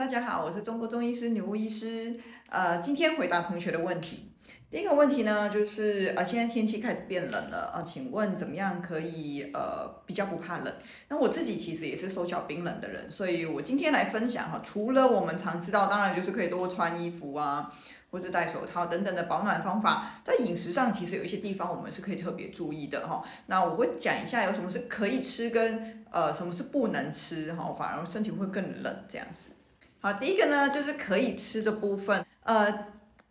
大家好，我是中國中醫師、女巫醫師，呃，今天回答同學的問題。第一個問題呢，就是呃、啊，現在天氣開始變冷了啊，請問怎麼樣可以呃比較不怕冷？那我自己其實也是手腳冰冷的人，所以我今天來分享哈，除了我們常知道，當然就是可以多穿衣服啊，或是戴手套等等的保暖方法，在飲食上其實有一些地方我們是可以特別注意的哈。那我會講一下有什麼是可以吃跟呃什麼是不能吃哈，反而身體會更冷這樣子。好，第一個呢，就是可以吃的部分，呃，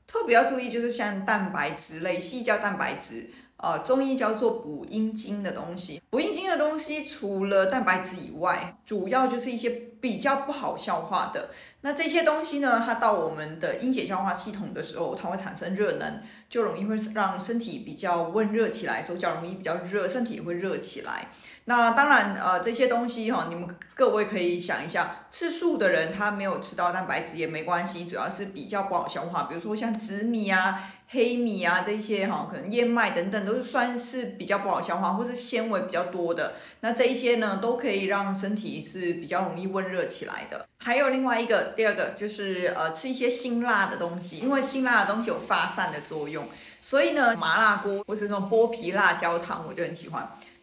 特別要注意就是像蛋白質類，細膠蛋白質。呃，中醫叫做補陰精的東西，補陰精的東西除了蛋白質以外，主要就是一些比較不好消化的。那這些東西呢，它到我們的陰解消化系統的時候，它會產生熱能，就容易會讓身體比較溫熱起來，手腳容易比較熱，身體也會熱起來。那當然，呃，這些東西哈、哦，你們各位可以想一下，吃素的人他沒有吃到蛋白質也沒關係，主要是比較不好消化，比如說像紫米啊、黑米啊這些哈、哦，可能燕麥等等。都是算是比較不好消化，或是纖維比較多的，那這一些呢，都可以讓身體是比較容易溫熱起來的。還有另外一個，第二個就是呃吃一些辛辣的東西，因為辛辣的東西有發散的作用，所以呢，麻辣鍋或是那種剝皮辣椒湯，我就很喜歡。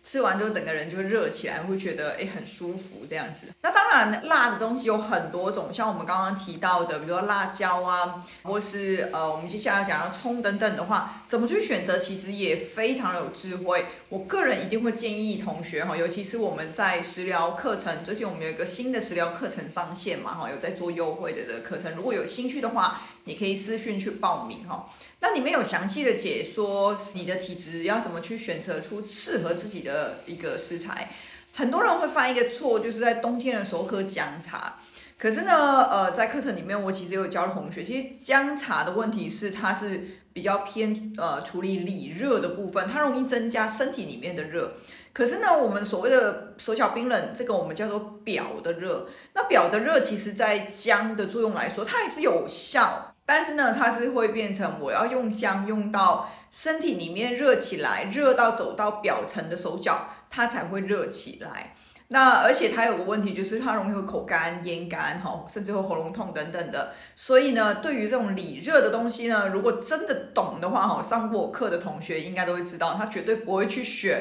吃完之後整個人就會熱起來，會覺得、欸、很舒服這樣子。那當然，辣的東西有很多種，像我們剛剛提到的，比如說辣椒啊，或是呃，我們接下來要講的蔥等等的話，怎麼去選擇，其實也非常有智慧。我個人一定會建議同學哈，尤其是我們在食療課程，最近我們有一個新的食療課程上線嘛哈，有在做優惠的的課程，如果有興趣的話。你可以私訊去報名哈，那裡面有詳細的解說，你的體質要怎麼去選擇出適合自己的一個食材。很多人會犯一個錯，就是在冬天的時候喝薑茶。可是呢，呃，在課程裡面，我其實有教了同學，其實薑茶的問題是，它是比較偏呃處理裡熱的部分，它容易增加身體裡面的熱。可是呢，我們所謂的手腳冰冷，這個我們叫做表的熱。那表的熱，其實，在薑的作用來說，它也是有效，但是呢，它是會變成我要用薑用到身體裡面熱起來，熱到走到表層的手腳，它才會熱起來。那而且它有個問題，就是它容易會口乾、咽乾哈，甚至會喉嚨痛等等的。所以呢，對於這種裡熱的東西呢，如果真的懂的話哈，上過我課的同學應該都會知道，它絕對不會去選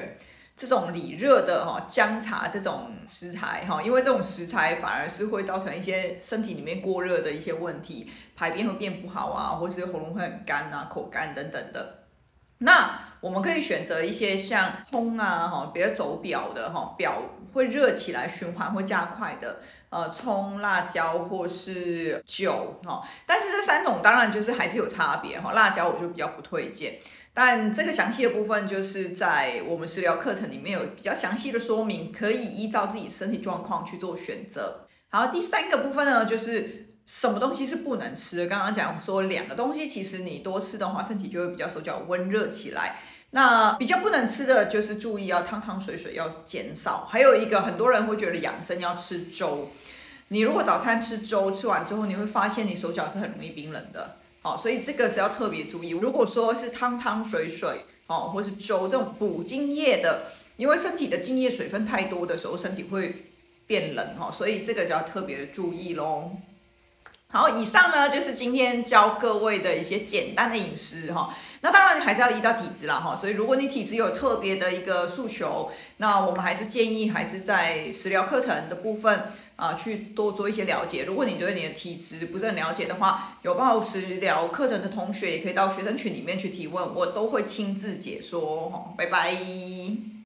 這種裡熱的哈薑茶這種食材哈，因為這種食材反而是會造成一些身體裡面過熱的一些問題，排便會變不好啊，或是喉嚨會很乾啊、口乾等等的。那我們可以選擇一些像蔥啊哈，比較走表的哈表，會熱起來，循環會加快的，呃，蔥、辣椒或是酒哈、哦，但是這三種當然就是還是有差別哈、哦，辣椒我就比較不推薦，但這個詳細的部分就是在我們食療課程裡面有比較詳細的說明，可以依照自己身體狀況去做選擇。然後第三個部分呢，就是什麼東西是不能吃的。剛剛講說兩個東西，其實你多吃的話，身體就會比較手腳溫熱起來。那比較不能吃的就是注意要、啊、湯湯水水要減少。還有一個，很多人會覺得養生要吃粥。你如果早餐吃粥，吃完之後你會發現你手腳是很容易冰冷的，所以這個是要特別注意。如果說是湯湯水水哦，或是粥這種補津液的，因為身體的津液水分太多的時候，身體會變冷、哦、所以這個就要特別注意咯。好，以上呢就是今天教各位的一些簡單的飲食哈。那當然你還是要依照體質啦。哈。所以如果你體質有特別的一個訴求，那我們還是建議還是在食療課程的部分啊、呃，去多做一些了解。如果你對你的體質不是很了解的話，有報食療課程的同學也可以到學生群裡面去提問，我都會親自解說。哈，拜拜。